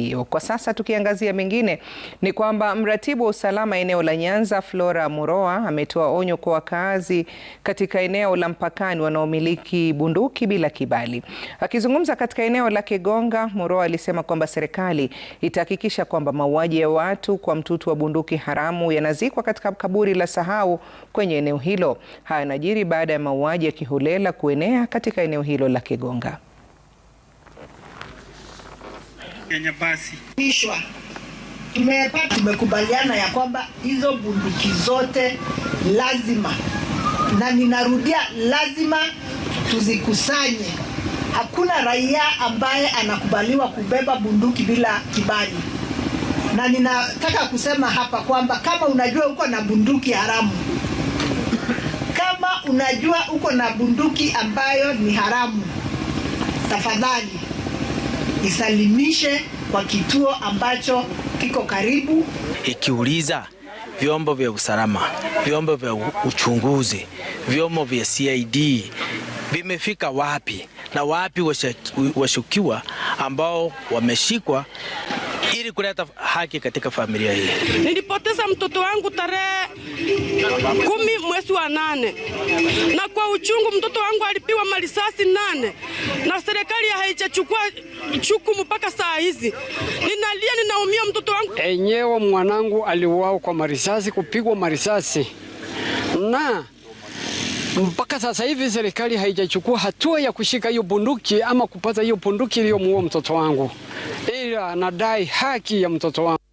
hiyo. Kwa sasa tukiangazia mengine ni kwamba mratibu wa usalama eneo la Nyanza Flora Muroa ametoa onyo kwa wakazi katika eneo la mpakani wanaomiliki bunduki bila kibali. Akizungumza katika eneo la Kegonga, Muroa alisema kwamba serikali itahakikisha kwamba mauaji ya watu kwa mtutu wa bunduki haramu yanazikwa katika kaburi la sahau kwenye eneo hilo. Haya yanajiri baada ya mauaji ya kiholela kuenea katika eneo hilo la Kegonga. Kenya basi mishwa tumepata, tumekubaliana ya kwamba hizo bunduki zote lazima, na ninarudia, lazima tuzikusanye. Hakuna raia ambaye anakubaliwa kubeba bunduki bila kibali, na ninataka kusema hapa kwamba kama unajua uko na bunduki haramu kama unajua uko na bunduki ambayo ni haramu, tafadhali isalimishe kwa kituo ambacho kiko karibu, ikiuliza vyombo vya usalama, vyombo vya uchunguzi, vyombo vya CID vimefika wapi na wapi washukiwa ambao wameshikwa ili kuleta haki katika familia hii. Nilipoteza mtoto wangu tarehe kumi mwezi wa nane, na kwa uchungu mtoto wangu alipiwa marisasi nane na serikali haijachukua chukumu mpaka saa hizi. Ninalia, ninaumia mtoto wangu enyewe. Mwanangu aliuawa kwa marisasi, kupigwa marisasi na mpaka sasa hivi serikali haijachukua hatua ya kushika hiyo bunduki ama kupata hiyo bunduki iliyomuua mtoto wangu, ila nadai haki ya mtoto wangu.